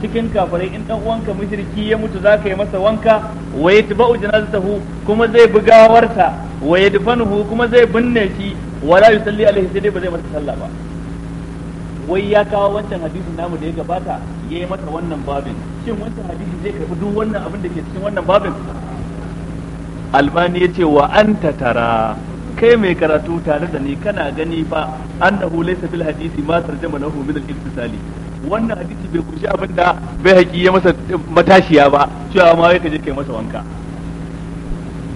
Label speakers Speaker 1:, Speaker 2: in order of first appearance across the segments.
Speaker 1: cikin kafirai in dan uwanka mushriki ya mutu zaka yi masa wanka wa yatba'u janazatahu kuma zai bugawarsa wa yadfanuhu kuma zai binne shi wala yusalli alaihi sai dai ba zai masa sallah ba wai ya kawo wancan hadisin namu da ya gabata yayi masa wannan babin shin wancan hadisi zai karbi duk wannan abin da ke cikin wannan babin albani yace wa anta tara kai mai karatu tare da ni kana gani fa annahu laysa bil hadisi ma tarjama lahu min al-ibtisali wannan hadisi bai kushi abin da bai haƙi ya masa matashiya ba cewa ma ya kaje kai masa wanka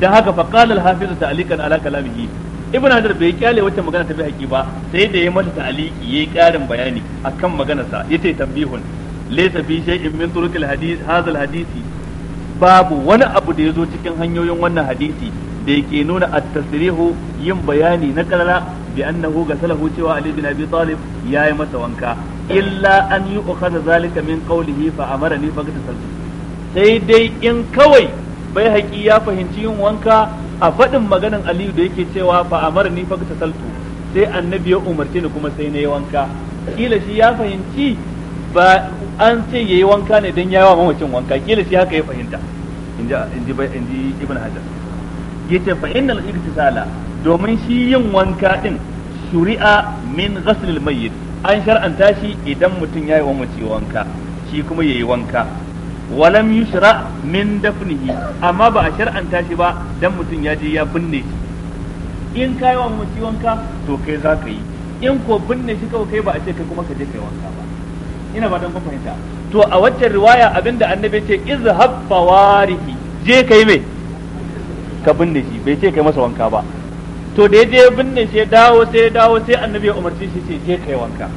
Speaker 1: dan haka fa qala al-hafiz ta'liqan ala kalamihi ibn hadar bai kyale wacce magana ta bai haƙi ba sai da ya mata ta'liqi yayi ƙarin bayani akan maganarsa yace tambihun laysa fi shay'in min turuq al hadha al-hadisi babu wani abu da ya zo cikin hanyoyin wannan hadisi da yake nuna at-tasrihu yin bayani na kalala bi annahu gasalahu cewa ali bin abi talib yayi masa wanka illa an yi ukhadha zalika min qawlihi fa amarani fa gatasaltu sai dai in kawai bai haƙi ya fahimci yin wanka a faɗin maganan Aliyu da yake cewa fa amarani fa gatasaltu sai annabi ya umarce ni kuma sai na yi wanka kila shi ya fahimci ba an ce yayi wanka ne dan yawa mamacin wanka kila shi haka ya fahimta inji inji inji ibn hajar yace fa innal iktisala domin shi yin wanka din shuri'a min ghaslil mayyit an shar'anta shi idan mutum ya yi wa mace wanka shi kuma ya yi wanka walam yushra min dafnihi amma ba a shar'anta shi ba dan mutum ya je ya binne shi in ka yi wa mace wanka to kai za ka yi in ko binne shi kawai kai ba a ce kai kuma ka je kai wanka ba ina ba dan kun fahimta to a waccan riwaya abinda annabi ce izhab fawarihi je kai me ka binne shi bai ce kai masa wanka ba to da je binne shi dawo sai dawo sai annabi ya umarci shi ce je kai wanka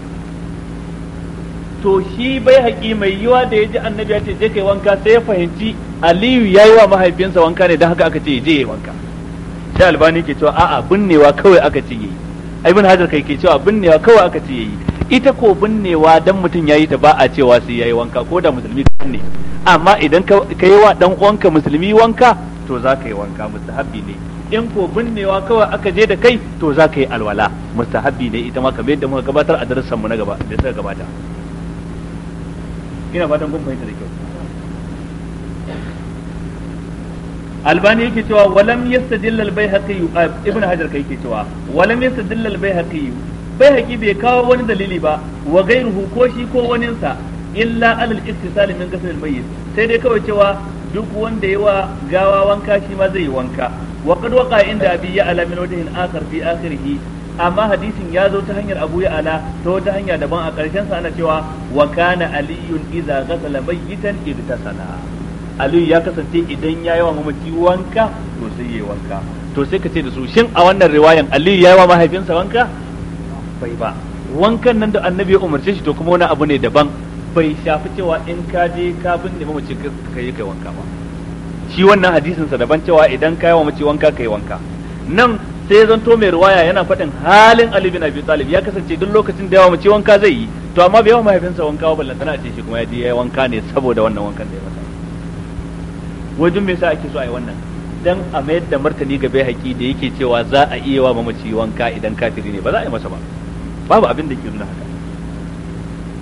Speaker 1: to shi bai haƙi mai yiwa da ya ji annabi ya ce je kai wanka sai ya fahimci aliyu ya yi wa mahaifinsa wanka ne don haka aka ce je yi wanka sai albani ke cewa a'a binnewa kawai aka ce yi bin hajar kai ke cewa binnewa kawai aka ce yi ita ko binnewa dan mutum ya yi ta ba a cewa sai ya yi wanka ko da musulmi ne amma idan ka yi wa dan uwanka musulmi wanka to za ka yi wanka mustahabbi ne in ko binnewa kawai aka je da kai to za ka yi alwala mustahabbi ne ita ma kamar yadda muka gabatar a darasan mu na gaba da suka gabata ina fatan kun fahimta da kyau albani yake cewa walam yastadilla albayhaqi ibn hajar kai yake cewa walam yastadilla albayhaqi bayhaqi bai kawo wani dalili ba wa gairuhu ko shi ko waninsa illa alal ittisal min ghusl almayyit sai dai kawai cewa duk wanda yawa gawa wanka shi ma zai yi wanka wa qad waqa inda abi ya ala min wajhin akhar fi akhirih amma hadisin ya zo ta hanyar Abu ya ala ta wata hanya daban a ƙarshen sa ana cewa wa kana aliyun idza ghasala mayyitan ibtasala aliyu ya kasance idan ya yi wa mamaci wanka to sai yayi wanka to sai ka ce da su shin a wannan riwayan aliyu ya yi wa mahaifinsa wanka bai ba wankan nan da annabi ya umarce shi to kuma wani abu ne daban bai shafi cewa in ka je ka binne mamaci ka yi kai wanka ba shi wannan hadisin sa daban cewa idan ka wa mace wanka kai wanka nan sai zanto mai ruwaya yana faɗin halin Ali bin Abi Talib ya kasance duk lokacin da ya yawa mace wanka zai yi to amma bai yawa mahaifinsa wanka ba lantana a ce shi kuma ya je wanka ne saboda wannan wankan da ya masa wajen me yasa ake so a yi wannan dan a mayar da martani ga haƙi da yake cewa za a iya wa mace wanka idan kafiri ne ba za a yi masa ba babu abin da ke nuna haka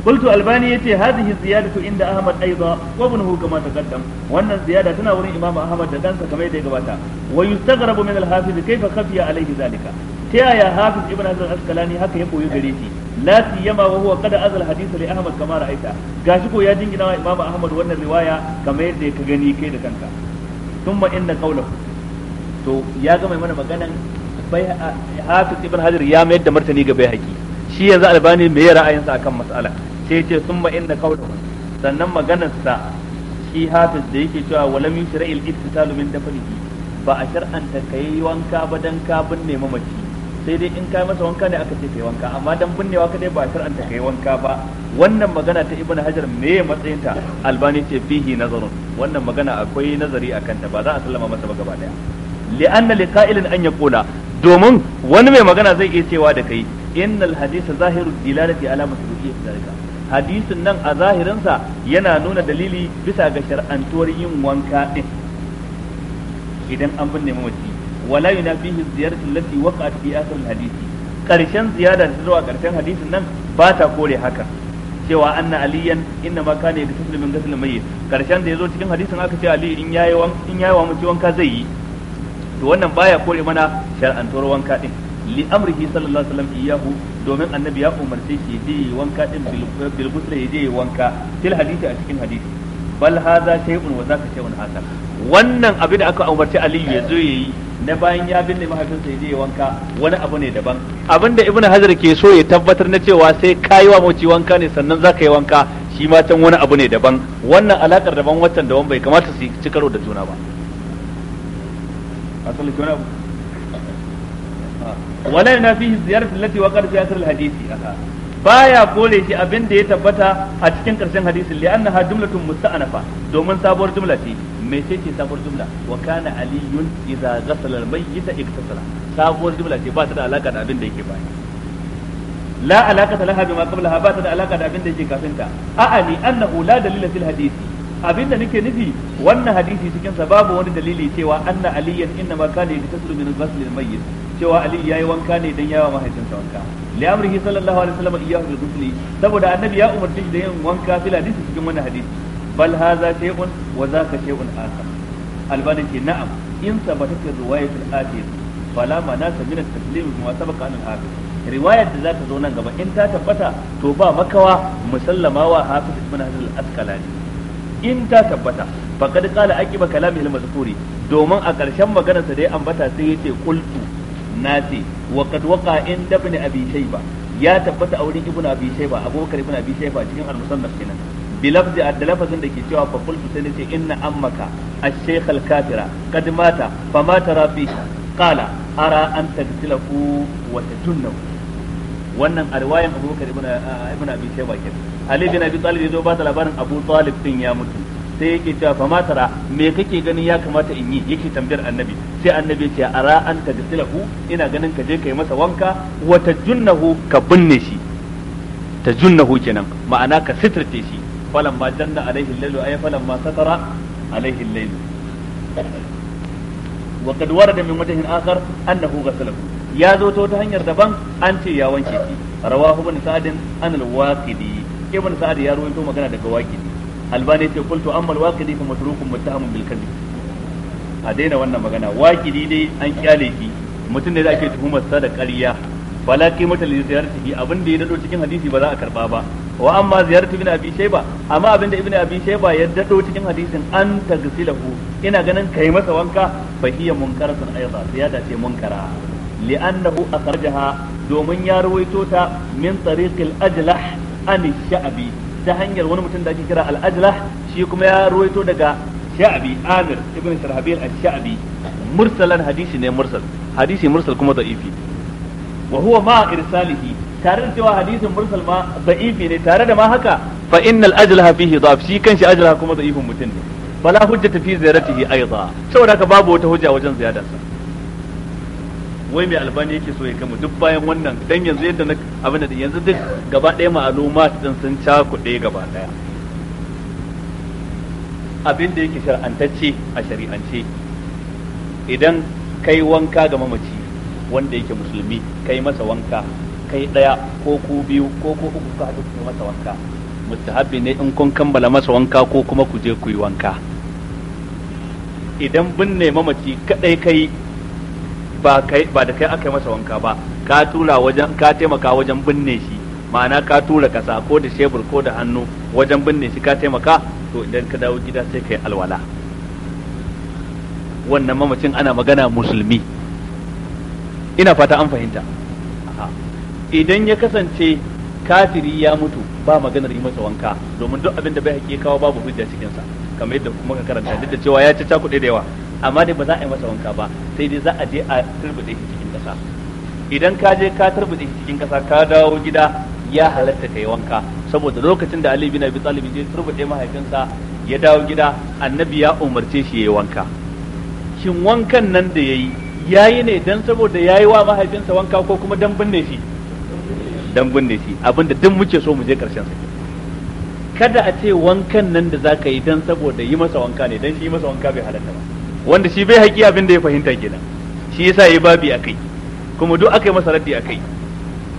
Speaker 1: قلت الباني يتي هذه الزيادة عند أحمد أيضا وابنه كما تقدم وأن الزيادة تناول إمام أحمد دانسا كما يتقباتا ويستغرب من الحافظ كيف خفي عليه ذلك
Speaker 2: تيا يا حافظ
Speaker 1: ابن هذا الأسكلاني هكا يبقى يجريتي لا سيما وهو قد أذى الحديث لأحمد كما رأيته قاشكو يا جنجنا إمام أحمد وأن الرواية كما يتقني كيدا كانت ثم إن قوله to ya gama mana maganan bai hafiz ibn hajar ya mayar da martani ga bai haƙi shi yanzu albani me ra'ayinsa akan mas'ala sai ce summa inna qawluhu sannan maganarsa shi hafiz da yake cewa walam yushra'il ittitalu min dafnihi ba a shar'anta kai wanka ba dan ka binne mamaci sai dai in kai masa wanka ne aka ce kai wanka amma dan binnewa kadai ba a shar'anta kai wanka ba wannan magana ta ibnu hajar me matsayinta albani ce fihi nazarun wannan magana akwai nazari akan ta ba za a sallama masa ba gaba daya li'anna liqa'ilin an yaqula domin wani mai magana zai iya cewa da kai innal hadisa zahirud dilalati ala masbuqiyyati zalika hadisin nan a zahirinsa yana nuna dalili bisa ga shar'antuwar yin wanka din idan an binne mamaci wala yunafihi ziyaratu allati waqa'at fi asr hadisi karshen ziyada da zuwa karshen hadisin nan ba ta kore haka cewa anna aliyan inna ma kana yaghsilu min ghusl mayyit karshen da yazo cikin hadisin aka ce ali in yayi in yayi wa mutum wanka zai yi to wannan baya kore mana shar'antuwar wanka din li amrihi sallallahu alaihi wasallam iyahu domin annabi ya umarce shi je wanka din bil eh, ya je wanka til hadisi a cikin hadisi bal hadha shay'un wa zaka shay'un akhar wannan abin da aka umarci aliyu ya zo yayi na bayan ya binne mahaifinsa ya je wanka wani abu ne daban abinda ibnu hazar ke so ya tabbatar na cewa sai kai wa mace wanka ne sannan zaka yi wanka shi ma can wani abu ne daban wannan alakar daban waccan daban bai kamata su ci karo da juna ba asali ke wani abu ah. wala yunafihi ziyaratu allati waqad fi asr al-hadisi aka baya kore shi abin ya tabbata a cikin karshen hadisin li annaha jumlatun musta'anafa domin sabuwar jumla ce me ce ce sabuwar jumla wa kana aliyun idza ghasala al-mayyit iktasala sabuwar jumla ce ba ta da alaka da abin da yake baya la laha ba ta da da abin da hadisi nake nufi wannan hadisi cikin babu wani dalili cewa anna aliyan inna ma kana yatasilu min ghasl al-mayyit cewa Ali yi wanka ne dan yawa mahaifinsa wanka li amrihi sallallahu alaihi wasallam iyyahu bi ghusli saboda annabi ya umarci shi da yin wanka fil hadisi cikin wannan hadisi bal hadha shay'un wa zaka shay'un akhar albani ce na'am in sabataka riwayatul akhir fala manasa min at-taslim kuma sabaka an al-hafiz riwayar da zaka zo nan gaba in ta tabbata to ba makawa musallama wa hafiz ibn hajar al-asqalani in ta tabbata faqad qala aqiba kalamihi al-mazkuri domin a karshen maganarsa da ya ambata sai yace qultu nasi wa qad waqa inda ibn abi shayba ya tabbata a wurin ibn abi shayba abubakar ibn abi shayba cikin al-musannaf kenan da lafazin da ke cewa fa qultu sai nace inna ammaka ash-shaykh al-kafira qad mata fa ma qala ara an tagtilafu wa tatunnu wannan a riwayan abubakar ibn abi shayba kenan ali bin abi talib yazo ba ta labarin abu talib din ya mutu sai yake cewa fa matara me kake ganin ya kamata in yi yake tambayar annabi sai annabi ce ara an tagsilahu ina ganin ka je kai masa wanka wa tajunnahu ka binne shi tajunnahu kenan ma'ana ka sitirce shi falan ma janna alaihi lailu ay falan ma satara alaihi lailu wa kad warada min wajhin akhar annahu ghasalahu ya zo ta wata hanyar daban an ce ya wanke shi rawahu ibn sa'd an al-waqidi ibn sa'ad ya rawaito magana daga waqidi albani ce kultu amma alwaqidi fa matrukun muttahamun bil kadhib a daina wannan magana waqidi dai an kyale shi mutum ne da ake tuhumar sa da ƙarya fala qimata li ziyaratihi abin da ya dado cikin hadisi ba za a karba ba wa amma ziyaratu ibn abi shayba amma abin da ibn abi shayba ya dado cikin hadisin an tagsilahu ina ganin kai masa wanka fa hiya munkaratun ayda ya dace munkara li'annahu jaha domin ya rawaito ta min tariqil ajlah an ta hanyar wani mutum da ake kira al-ajlah shi kuma ya ruwaito daga sha'abi amir ibn sharhabil al-sha'abi mursalan hadisi ne mursal hadisi mursal kuma da'ifi wa huwa ma irsalihi tare da cewa hadisin mursal ma da'ifi ne tare da ma haka fa innal ajlaha fihi da'if shi kanshi ajlaha kuma da'ifin mutum ne fala hujjata fi ziyaratihi aidan saboda haka babu wata hujja wajen ziyadarsa wai mai albani yake so ya kama duk bayan wannan dan yanzu yadda na abin da yanzu duk gaba ɗaya ma'aluma din sun cakuɗe gaba ɗaya abin da yake shar'antacce a shari'ance idan kai wanka ga mamaci wanda yake musulmi kai masa wanka kai ɗaya ko ku biyu ko ko uku ka haɗu ku masa wanka mustahabi ne in kun kammala masa wanka ko kuma ku je ku yi wanka idan binne mamaci kadai kai ba kai ba da kai aka yi masa wanka ba ka tura wajen ka taimaka wajen binne shi ma'ana ka tura kasa ko da shebur ko da hannu wajen binne shi ka taimaka to idan ka dawo gida sai kai alwala wannan mamacin ana magana musulmi ina fata an fahimta idan ya kasance kafiri ya mutu ba maganar yi masa wanka domin duk abin da bai haƙi kawo babu hujja cikinsa kamar yadda kuma ka karanta duk da cewa ya ci cakuɗe da yawa amma dai ba za a yi masa wanka ba sai dai za a je a turbude shi cikin kasa idan ka je ka turbude shi cikin kasa ka dawo gida ya halatta kai wanka saboda lokacin da Ali bin Abi Talib je turbude mahaifinsa ya dawo gida annabi ya umarce shi yayi wanka shin wankan nan da yayi yayi ne dan saboda yayi wa mahaifinsa wanka ko kuma dan binne shi dan binne shi abinda duk muke so mu je karshen sa kada a ce wankan nan da zaka yi dan saboda yi masa wanka ne dan shi yi masa wanka bai halatta ba wanda shi bai haƙi abin da ya fahimta kenan shi yasa yayi babi kai kuma duk aka yi masa raddi a kai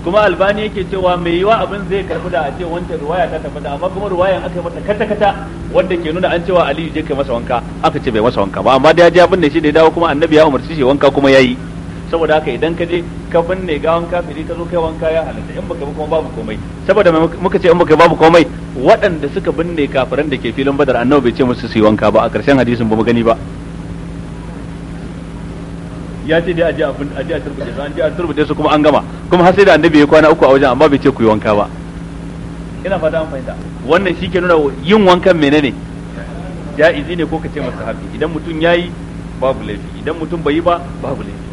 Speaker 1: kuma albani yake cewa mai yiwa abin zai karbi da a ce wancan ruwaya ta tabbata amma kuma ruwayan aka mata kata kata wanda ke nuna an cewa aliyu je kai masa wanka aka ce bai masa wanka ba amma da ya ji abin da shi da ya dawo kuma annabi ya umarci shi wanka kuma yayi saboda haka idan ka je ka binne gawan kafiri ta zo kai wanka ya halatta in baka kuma babu komai saboda muka ce in baka babu komai waɗanda suka binne kafiran da ke filin badar annabi bai ce musu su yi wanka ba a ƙarshen hadisin ba mu gani ba ya ce dai aje a turbude su an je a turbude su kuma an gama kuma har sai da annabi ya kwana uku a wajen amma bai ce ku yi wanka ba ina fata an fahimta wannan shi ke nuna yin wankan menene izi ne ko ka ce hafi idan mutum ya yi babu laifi idan mutum bai yi ba babu laifi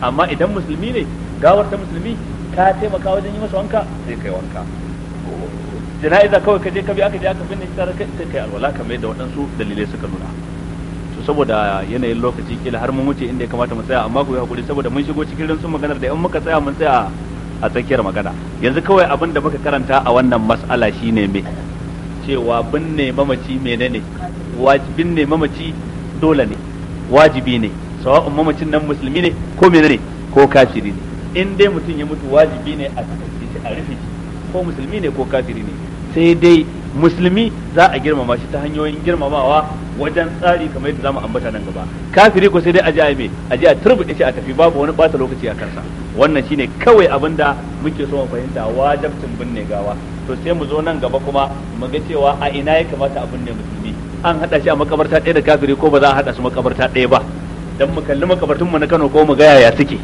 Speaker 1: amma idan musulmi ne gawar ta musulmi ka taimaka wajen yi masa wanka sai kai wanka jana'iza kawai ka je ka bi aka je aka binne shi tare kai sai kai alwala kamar yadda waɗansu dalilai suka nuna saboda yanayin lokaci kila har mun wuce inda ya kamata mu tsaya amma ku yi hakuri saboda mun shigo cikin rinsun maganar da in muka tsaya mun tsaya a tsakiyar magana yanzu kawai abin da muka karanta a wannan mas'ala shine me cewa ne mamaci menene wajibin ne mamaci dole ne wajibi ne sawa'un mamacin nan musulmi ne ko menene ko kafiri ne in dai mutum ya mutu wajibi ne a rufe ko musulmi ne ko kafiri ne sai dai musulmi za a girmama shi ta hanyoyin girmamawa wajen tsari kamar yadda zamu ambata nan gaba kafiri ko sai dai a ji a a ji a turbuɗe shi a tafi babu wani ɓata lokaci a kansa wannan shine kawai abin da muke so mu fahimta wajabcin binne gawa to sai mu zo nan gaba kuma mu ga cewa a ina ya kamata a binne musulmi an haɗa shi a makabarta ɗaya da kafiri ko ba za a haɗa su makabarta ɗaya ba dan mu kalli makabartun mu na Kano ko mu ga yaya suke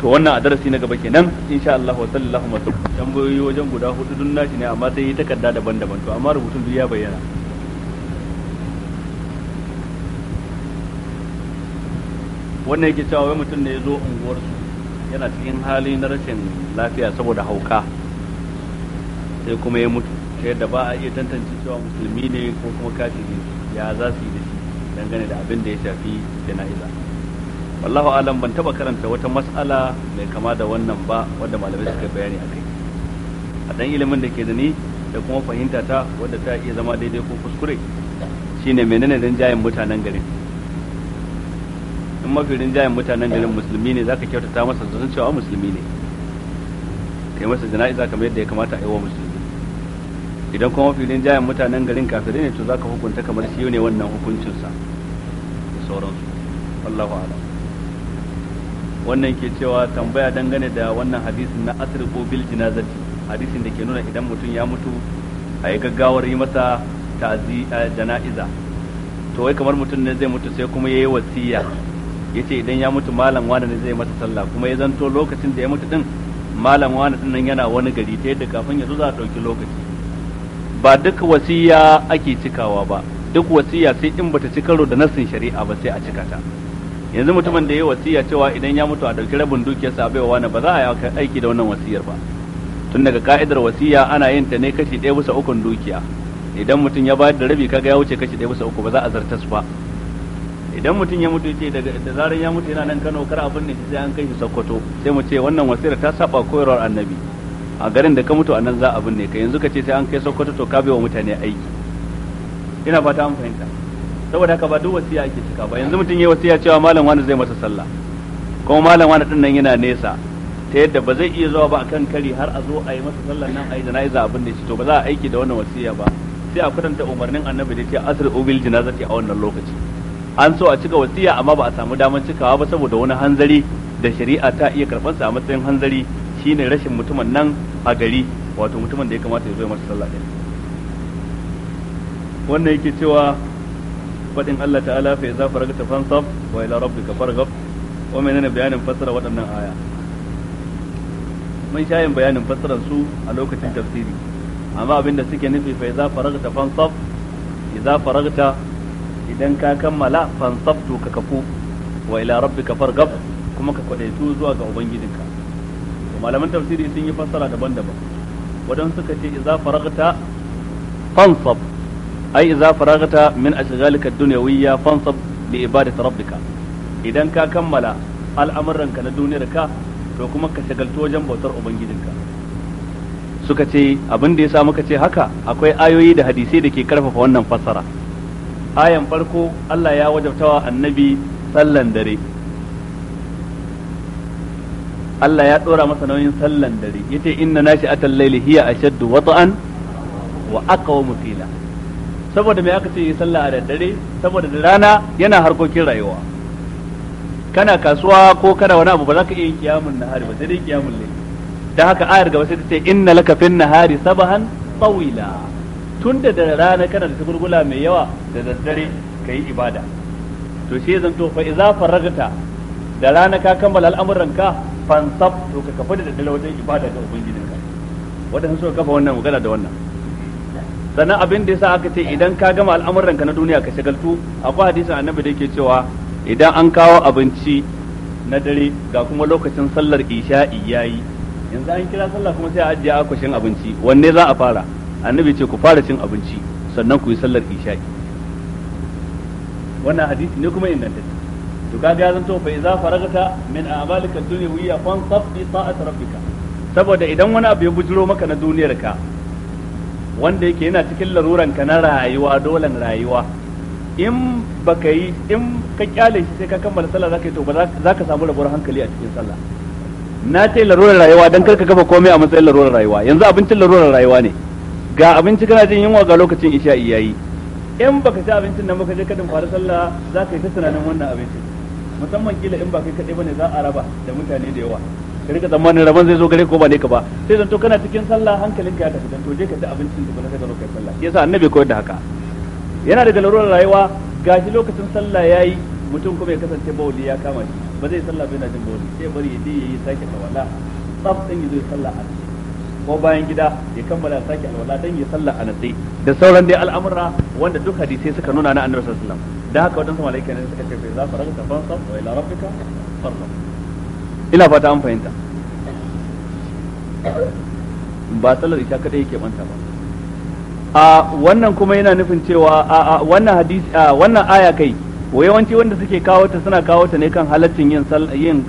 Speaker 1: to wannan a darasi na gaba kenan insha Allah wa sallallahu alaihi wasallam tambayoyi wajen guda hudu dun nashi ne amma sai yi takarda daban-daban to amma rubutun duk ya bayyana wannan yake cewa wai mutum ne ya zo su yana cikin hali na rashin lafiya saboda hauka sai kuma ya mutu ta yadda ba a iya tantance cewa musulmi ne ko kuma kafiri ya za yi da shi dangane da abin da ya shafi jana'iza wallahu alam ban taba karanta wata mas'ala mai kama da wannan ba wanda malamai suka bayani a kai a dan ilimin da ke da ni da kuma fahimta ta wadda ta iya zama daidai ko kuskure shine menene jayin mutanen garin in mafi rinjayen mutanen garin musulmi ne zaka kyautata masa zan cewa musulmi ne kai masa jana'iza kamar yadda ya kamata a yi wa musulmi idan kuma mafi rinjayen mutanen garin kafirai ne to zaka hukunta kamar shi ne wannan hukuncinsa da sauransu Allahu a'lam wannan ke cewa tambaya dangane da wannan hadisin na ko bil jinazati hadisin da ke nuna idan mutum ya mutu a yi gaggawar yi masa ta'azi jana'iza to wai kamar mutum ne zai mutu sai kuma yayi wasiya yace idan ya mutu malam wani ne zai masa sallah kuma ya zanto lokacin da ya mutu din malam wani din nan yana wani gari ta yadda kafin ya zo za a ɗauki lokaci ba duk wasiya ake cikawa ba duk wasiya sai in bata ci karo da nassin shari'a ba sai a cika ta yanzu mutumin da ya wasiya cewa idan ya mutu a ɗauki rabin dukiyarsa bai wani ba za a yi aiki da wannan wasiyar ba tun daga ka'idar wasiya ana yin ta ne kashi ɗaya bisa ukun dukiya idan mutum ya bayar da rabi kaga ya wuce kashi ɗaya bisa uku ba za a zartas ba idan mutum ya mutu ce daga da zarar ya mutu yana nan Kano kar abin ne sai an kai shi Sokoto sai mu ce wannan wasiyar ta saba koyarwar annabi a garin da ka mutu a nan za a ne ka yanzu ka ce sai an kai Sokoto to ka bai wa mutane aiki ina fata an fahimta saboda haka ba duk wasiya ake cika ba yanzu mutum ya yi wasiya cewa malam wani zai masa sallah kuma malam wani din nan yana nesa ta yadda ba zai iya zuwa ba kan kari har a zo a yi masa sallah nan a yi jana'iza abin da shi to ba za a aiki da wannan wasiya ba sai a kwatanta umarnin annabi da ke asir ubil janazati a wannan lokaci an so a cika wasiya amma ba a samu damar cikawa ba saboda wani hanzari da shari'a ta iya karɓar sa a matsayin hanzari shine rashin mutumin nan a gari wato mutumin da ya kamata ya zo masa sallah din wannan yake cewa faɗin Allah ta'ala fa za faragta fansab wa ila rabbika farghab wa menene bayanin fassara waɗannan aya mun shayin bayanin fassarar su a lokacin tafsiri amma abinda suke nufi fa idza faragta fansab idza faragta idan ka kammala fansab to ka kafu wa ila rabbika farghab kuma ka kwadaitu zuwa ga ubangijinka malaman tafsiri sun yi fassara daban-daban wadan suka ce idza faragta fansab ai idza faragata min ashghalika dunyawiyya fansab li ibadati rabbika idan ka kammala al'amuranka na duniyar ka to kuma ka shagaltu wajen bautar ubangijinka suka ce abin da yasa muka ce haka akwai ayoyi da hadisai da ke karfafa wannan fassara ayan farko Allah ya wajabtawa annabi sallan dare Allah ya dora masa nauyin sallan dare yace inna nashi atal layli hiya ashaddu wata'an wa aqwamu qila saboda me aka ce yi sallah a daddare saboda da rana yana harkokin rayuwa kana kasuwa ko kana wani abu ba za ka iya kiyamun nahari ba sai dai kiyamun laifi. da haka ayar gaba sai ta ce inna laka fin nahari sabahan tawila tunda da rana kana da tugurgula mai yawa da daddare ka yi ibada to sai zan to fa idza faragta da rana ka kammala al'amuranka fansab to ka kafa da daddare wajen ibada ga ubangijinka wadannan suka kafa wannan magana da wannan sannan abin da yasa aka ce idan ka gama al'amuran ka na duniya ka shagaltu akwai hadisin annabi da yake cewa idan an kawo abinci na dare ga kuma lokacin sallar isha'i yayi yanzu an kira sallah kuma sai a ajiye akwashin abinci wanne za a fara annabi ce ku fara cin abinci sannan ku yi sallar isha'i wannan hadisi ne kuma ingantacce to kaga ya zanto fa idza faragta min a'malika dunyawiyya fansab bi ta'ati rabbika saboda idan wani abu ya bujiro maka na duniyarka wanda yake yana cikin laruran ka na rayuwa dolan rayuwa in baka yi in ka kyale shi sai ka kammala sallah zaka yi to ba za ka samu rabuwar hankali a cikin sallah na ce larurar rayuwa dan karka kafa komai a matsayin larurar rayuwa yanzu abincin larurar rayuwa ne ga abinci kana jin yunwa ga lokacin isha'i iyayi. in baka ci abincin nan baka je kadin fara sallah za ka yi ta tunanin wannan abincin musamman kila in ba kai kadai bane za a raba da mutane da yawa ka rika tsammanin rabon zai zo gare ko ba ne ka ba sai zanto kana cikin sallah hankalinka ya tafi dan to je ka ci abincin da ba ka zo kai sallah yasa annabi koyar da haka yana da larurar rayuwa gashi lokacin sallah yayi mutum kuma ya kasance bauli ya kama shi ba zai sallah bai na jin bauli sai bari ya je yayi sake tawala tsaf din ya zo sallah a ko bayan gida ya kammala sake alwala dan ya sallah a natsi da sauran dai al'amura wanda duk hadisai suka nuna na annabi sallallahu alaihi wasallam da haka wadansu malaika ne suka ce za ka raka fansa wa ila rabbika farsa ina fata an fahimta ba sallar isha kadai yake manta ba a wannan kuma yana nufin cewa a wannan hadisi a wannan aya kai wa yawanci wanda suke kawo ta suna kawo ta ne kan halaccin yin yin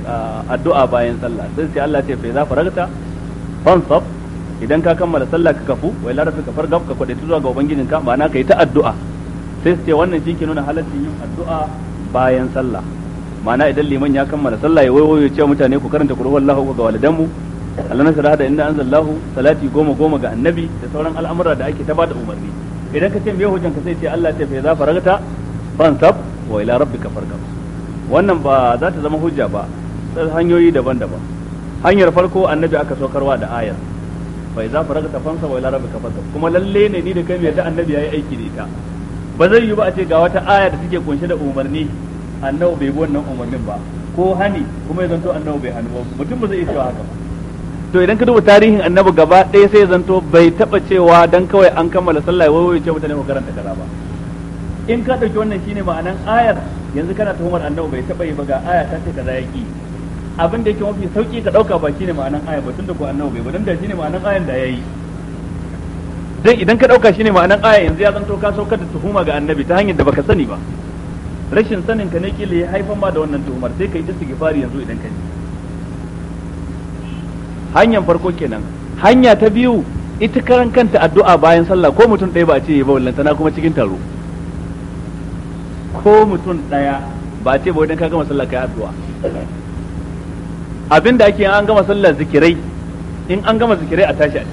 Speaker 1: addu'a bayan sallah sai sai Allah ce fa za faragta fansab idan ka kammala sallah ka kafu wa larafi kafar farghab ka kwade zuwa ga ka ma'ana kai ta addu'a sai su ce wannan shi ke nuna halaccin yin addu'a bayan sallah ma'ana idan liman ya kammala sallah ya waiwayo ce mutane ku karanta qul huwallahu ga walidanmu Allah na sarada inda anzalallahu salati goma goma ga annabi da sauran al'amura da ake ta bada umarni idan ka ce me hujjan ka sai ce Allah ta fa za faragta fansab wa ila rabbika farqab wannan ba za ta zama hujja ba hanyoyi daban-daban hanyar farko annabi aka sokarwa da ayar fa za faragta sab wa ila rabbika farqab kuma lalle ne ni da kai mai da annabi yayi aiki da ita ba zai yi ba a ce ga wata aya da take kunshe da umarni annabi bai wannan umarnin ba ko hani kuma ya zanto annabi bai hannu ba mutum ba zai iya cewa haka ba to idan ka duba tarihin annabi gaba ɗaya sai ya zanto bai taba cewa dan kawai an kammala sallah wai wai ce mutane ko karanta kaza ba in ka dauki wannan shine ma'anan ayar yanzu kana tuhumar annabi bai taba yi ba ga aya ta ce kaza yaki abin da yake mafi sauki ka dauka ba shine ma'anan ayar ba tunda ko annabi bai ba dan da shine ma'anan ayar da yayi dan idan ka dauka shine ma'anan aya yanzu ya zanto ka saukar da tuhuma ga annabi ta hanyar da baka sani ba rashin sanin ka ne kila ya haifan ma da wannan tuhumar sai ka kai istighfari yanzu idan ka ji hanyar farko kenan hanya ta biyu ita karan kanta addu'a bayan sallah ko mutum ɗaya ba ce ya ba wallantana kuma cikin taro ko mutum ɗaya ba ce ba idan ka gama sallah kai addu'a abinda ake an gama sallah zikirai in an gama zikirai a tashi a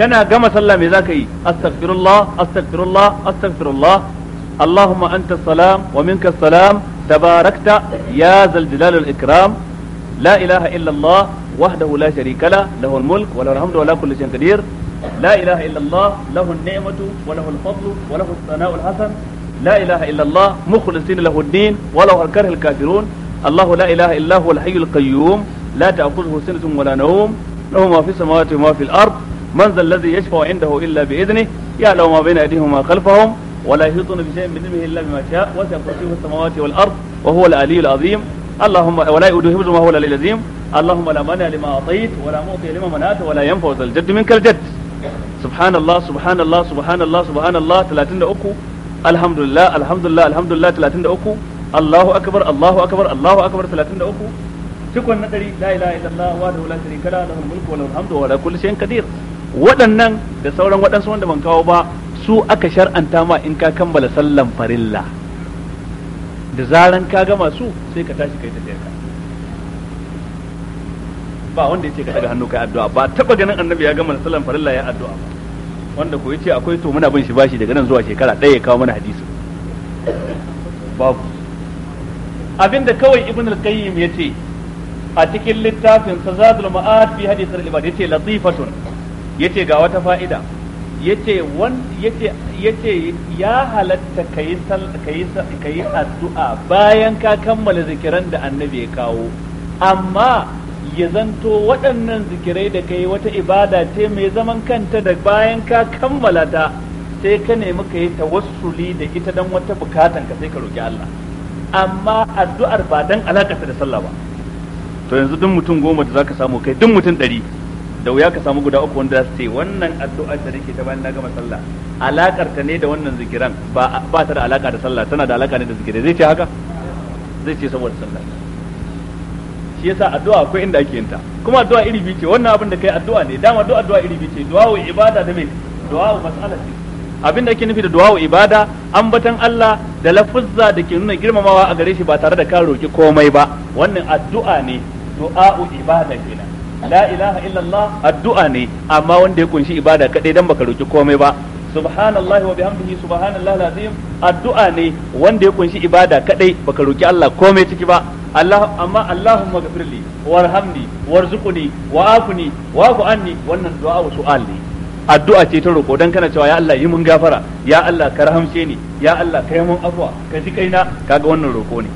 Speaker 1: kana gama sallah me zaka yi astaghfirullah astaghfirullah astaghfirullah Allahumma anta salam wa minka salam tabarakta ya zal ikram la ilaha illa Allah wahdahu la sharika la lahu al mulk wa lahu al hamdu wa la kulli shay'in qadir la ilaha illa Allah lahu an ni'matu wa lahu al fadlu wa lahu la ilaha illa Allah mukhlisin lahu ad-din wa lahu la ilaha illa la له ما في السماوات وما في الأرض من ذا الذي يشفع عنده إلا بإذنه يعلم ما بين أيديهم وما خلفهم ولا يحيطون بشيء من علمه الا بما شاء وسع كرسيه السماوات والارض وهو العلي العظيم اللهم ولا يؤده حفظه وهو العلي العظيم اللهم لا مانع لما اعطيت ولا معطي لما منعت ولا ينفع ذا الجد منك الجد سبحان الله سبحان الله سبحان الله سبحان الله 33 الحمد لله الحمد لله الحمد لله 33 الله اكبر الله اكبر الله اكبر 33 شكرا ندري لا اله الا الله وحده لا شريك له له الملك وله الحمد وهو على كل شيء قدير waɗannan da sauran waɗansu wanda ban kawo ba su aka shar'anta ma in ka kammala sallan farilla da zaran ka gama su sai ka tashi kai tafiyar ba wanda ya ce ka daga hannu kai addu'a ba taba ganin annabi ya gama sallan farilla ya addu'a ba wanda ko yace akwai to muna bin shi bashi daga nan zuwa shekara ɗaya ya kawo mana hadisi babu abinda kawai ibn al-qayyim yace a cikin littafin sa zadul ma'ad fi al ibad yace latifatun yace ga wata fa'ida yace ya halatta ka yi addu'a bayan ka kammala zikiran da annabi ya kawo amma ya zanto waɗannan zikirai da ka yi wata ibada ce mai zaman kanta da bayan ka kammala ta sai ka nemi ka yi tawassuli da ita don wata bukatan ka sai ka roƙi Allah amma addu'ar ba dan ta da sallah ba to yanzu duk mutum goma da zaka samu kai duk mutum ɗari da wuya ka samu guda uku wanda za su ce wannan addu'a da nake ta bayan na gama sallah alakar ta ne da wannan zikiran ba ba ta da alaka da sallah tana da alaka ne da zikiri zai ce haka zai ce saboda sallah shi yasa addu'a akwai inda ake yin ta kuma addu'a iri biyu ce wannan abin da kai addu'a ne dama addu'a addu'a iri biyu ce du'a ibada da me du'a mas'ala ce abin da ake nufi da du'a ibada batan Allah da lafuzza da ke nuna girmamawa a gare shi ba tare da ka roki komai ba wannan addu'a ne du'a ibada kenan la ilaha illallah addu'a ne amma wanda ya kunshi ibada kadai dan baka roki komai ba subhanallahi wa bihamdihi subhanallahi alazim addu'a ne wanda ya kunshi ibada kadai baka roki Allah komai ciki ba Allah amma Allahumma ghfirli warhamni warzuqni wa'afni wa'fu anni wannan du'a wa su'al ne addu'a ce ta roƙo dan kana cewa ya Allah yi mun gafara ya Allah ka rahamce ni ya Allah ka yi mun afwa ka ji kaina kaga wannan roƙo ne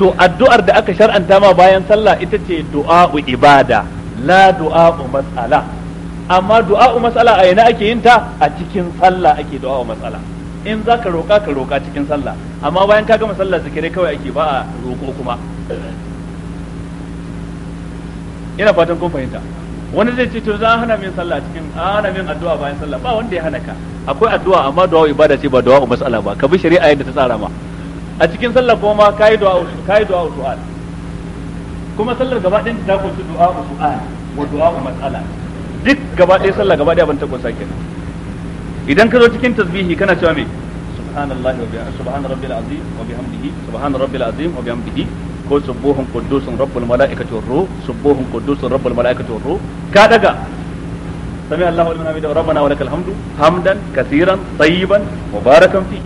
Speaker 1: to addu'ar da aka shar'anta ma bayan sallah ita ce du'a ibada la du'a'u mas'ala amma du'a'u mas'ala a yana ake yin ta a cikin sallah ake du'a'u mas'ala in za ka roƙa ka roƙa cikin sallah amma bayan ka gama sallah zikire kawai ake ba a roƙo kuma ina fatan kun fahimta wani zai ce to za hana min sallah cikin a hana min addu'a bayan sallah ba wanda ya hana ka akwai addu'a amma du'a ibada ce ba du'a mas'ala ba ka bi shari'a yadda ta tsara ma a cikin sallah kuma ma kai du'a kai du'a su'al kuma sallar gaba ɗayan ta kunshi du'a wa du'a wa du'a wa mas'ala duk gaba ɗaya sallah gaba ɗaya ban ta kunsa kenan idan ka zo cikin tasbihi kana cewa me subhanallahi wa bihamdihi subhana rabbil azim wa bihamdihi subhana rabbil azim wa bihamdihi ko subuhun quddusun rabbul malaikati war ruh subuhun quddusun rabbul malaikati war ruh ka daga sami Allahu liman hamida rabbana wa lakal hamdu hamdan kaseeran tayyiban mubarakan fi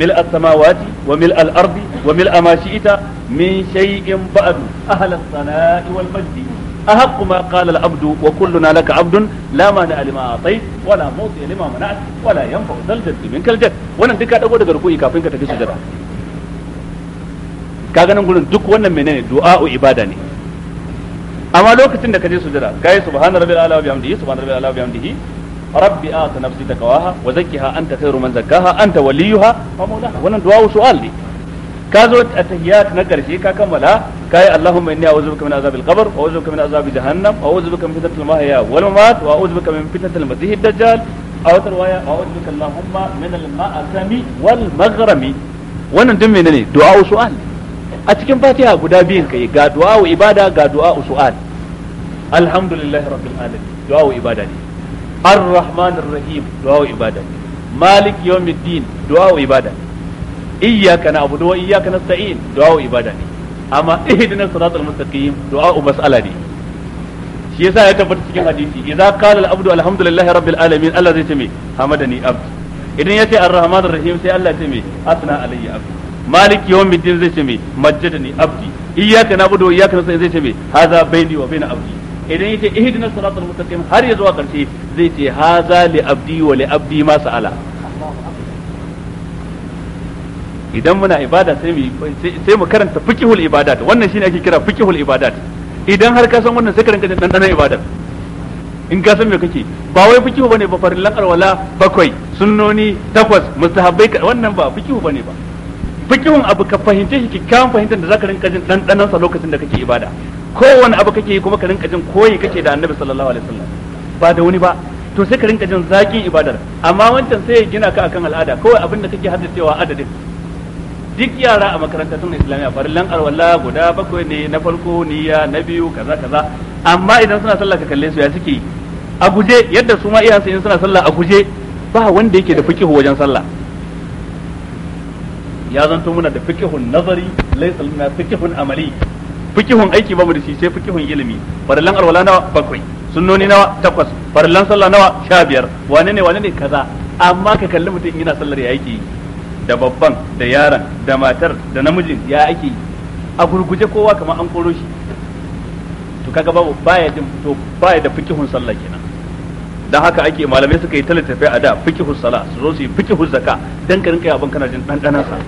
Speaker 1: ملء السماوات وملء الأرض وملء ما شئت min shay'in ba'du ahla as-sana'i wal majdi أحق ما قال العبد وكلنا لك عبد لا مانع لما أعطيت ولا موطئ لما منعت ولا ينفع ذا الجد منك الجد wannan duka dago daga ruku'i kafin ka tafi sujada kaga nan gurin duk wannan menene du'a'u ibada ne amma lokacin da ka je sujada kai subhana rabbil ala wa bihamdihi subhana rabbil ala wa bihamdihi rabbi ata nafsi taqwaha wa zakkiha anta khairu man zakkaha ka zo a tahiyat na karshe ka kammala kai Allahumma inni a'udhu bika min azabil qabr wa a'udhu bika min azabi jahannam wa a'udhu bika min fitnatil mahya wal mamat wa a'udhu bika min fitnatil masih ad-dajjal aw tarwaya a'udhu bika Allahumma min al-ma'asami wal maghrami wannan duk menene du'a su'al a cikin Fatiha guda biyun kai ga du'a ibada ga du'a su'al alhamdulillahi rabbil alamin du'a ibada ne ar-rahmanir rahim du'a ibada ne malik yawmiddin du'a ibada ne iyyaka na'budu wa iyyaka nasta'in du'a ibada ne amma ihdinas siratal mustaqim du'a mas'ala ne shi yasa ya tabbata cikin hadisi idza qala al-abdu alhamdulillahi rabbil alamin Allah zai ce me hamadani abd idan yace ar-rahman ar-rahim sai Allah ce me asna alayya abd malik yawmiddin zai ce me majjadani abdi iyyaka na'budu wa iyyaka nasta'in zai ce me hadha baini wa baina abdi idan yace ihdinas siratal mustaqim har ya zuwa karshe zai ce hadha li abdi wa li abdi ma sa'ala idan muna ibada sai mu sai mu karanta fiqhul ibadat wannan shine ake kira fiqhul ibadat idan har ka san wannan sai ka rinka dan dan ibadat in ka san me kake ba wai fiqhu bane ba farillan alwala bakwai sunnoni takwas mustahabbai wannan ba fiqhu bane ba fiqhun abu ka fahimce shi kikkiawan fahimtar da zaka rinka jin dan dan sa lokacin da kake ibada wani abu kake yi kuma ka rinka jin koyi kake da annabi sallallahu alaihi wasallam ba da wani ba to sai ka rinka jin zakin ibadar amma wancan sai ya gina ka akan al'ada kawai abin da kake haddacewa adadin duk yara a makaranta sun islamiyya farillan alwala guda bakwai ne na farko niyya na biyu kaza kaza amma idan suna sallah ka kalle su ya suke a guje yadda su ma iya su suna sallah a guje ba wanda yake da fikihu wajen sallah ya zanto muna da fikihun nazari laysa lana fikihun amali fikihun aiki ba mu da shi sai fikihun ilimi farillan alwala nawa bakwai sunnoni nawa takwas farillan sallah nawa sha biyar wane ne wane ne kaza amma ka kalli mutum yana sallar ya yake yi da babban da yaron da matar da namijin ya ake yi a gurguje kowa kamar an koro shi to kaga babu baya jin to baya da fikihun sallah kenan dan haka ake malamai suka yi talittafi a da fikihus sala su zo su yi fikihun zaka dan ka rinka yi abin kana jin dandanan sa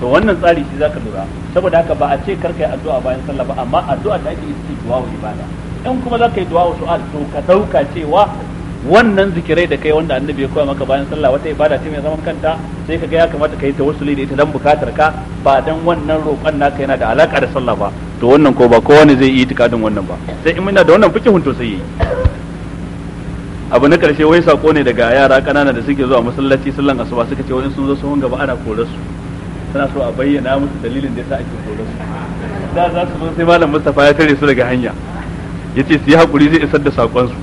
Speaker 1: to wannan tsari shi zaka lura saboda haka ba a ce kar kai addu'a bayan sallah ba amma addu'a da ake yi wa ibada in kuma zaka yi wa su'al to ka dauka cewa wannan zikirai da kai wanda annabi ya koya maka bayan sallah wata ibada ce mai zaman kanta sai kaga ya kamata kai tawassuli da ita dan bukatar ka ba dan wannan roƙon naka yana da alaka da sallah ba to wannan ko ba kowa ne zai yi itikadin wannan ba sai in muna da wannan fikihun hunto sai yi abu na karshe wai sako ne daga yara kanana da suke zuwa masallaci sallan asuba suka ce wani sun zo sun gaba ana kore su suna so a bayyana musu dalilin da yasa ake kore su da za su zo sai malam Mustafa ya tare su daga hanya yace su yi hakuri zai isar da sakon su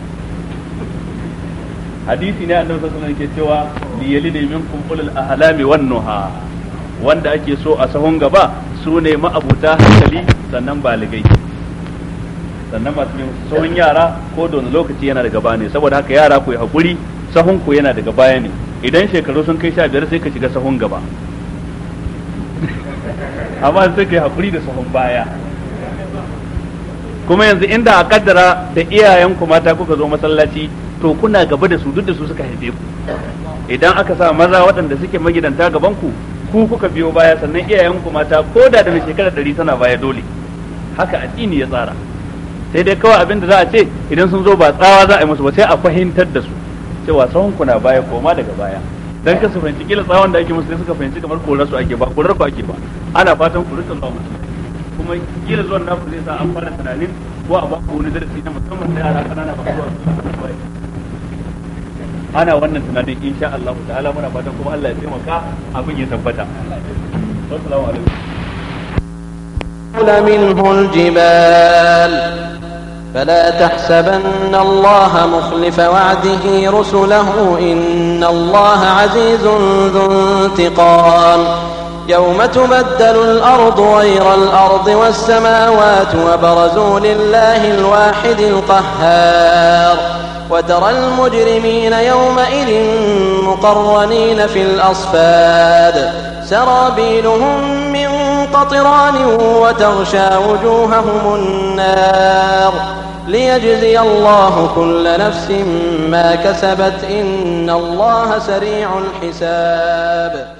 Speaker 1: hadisi ne annabi sallallahu alaihi wasallam ke cewa li yalida minkum ulul ahlami wan nuha wanda ake so a sahun gaba su ne ma'abuta hankali sannan baligai sannan masu yin sahun yara ko da wani lokaci yana daga baya ne saboda haka yara ku yi hakuri sahun ku yana daga baya ne idan shekaru sun kai sha biyar sai ka shiga sahun gaba amma sai ka yi hakuri da sahun baya kuma yanzu inda a kaddara da iyayen ku mata kuka zo masallaci to kuna gaba da su duk da su suka haife ku idan aka sa maza waɗanda suke magidanta gaban ku ku kuka biyo baya sannan iyayenku mata ko da da shekara ɗari tana baya dole haka addini ya tsara sai dai kawai abin da za a ce idan sun zo ba tsawa za a yi musu ba sai a fahimtar da su cewa sahun kuna baya koma daga baya dan ka su fahimci kila tsawon da ake musu suka fahimci kamar korar su ake ba korar ku ake ba ana fatan ku rika zuwa musu kuma kila zuwan naku zai sa an fara tunanin ko a ba ku wani darasi na musamman da yara ana wannan tunanin insha Allah ta ala muna fatan kuma Allah ya taimaka abin ya tabbata assalamu alaikum منه الجبال فلا تحسبن الله مخلف وعده رسله إن الله عزيز ذو انتقام يوم تبدل الأرض غير الأرض والسماوات وبرزوا لله الواحد القهار وترى المجرمين يومئذ مقرنين في الأصفاد سرابيلهم من قطران وتغشى وجوههم النار ليجزي الله كل نفس ما كسبت إن الله سريع الحساب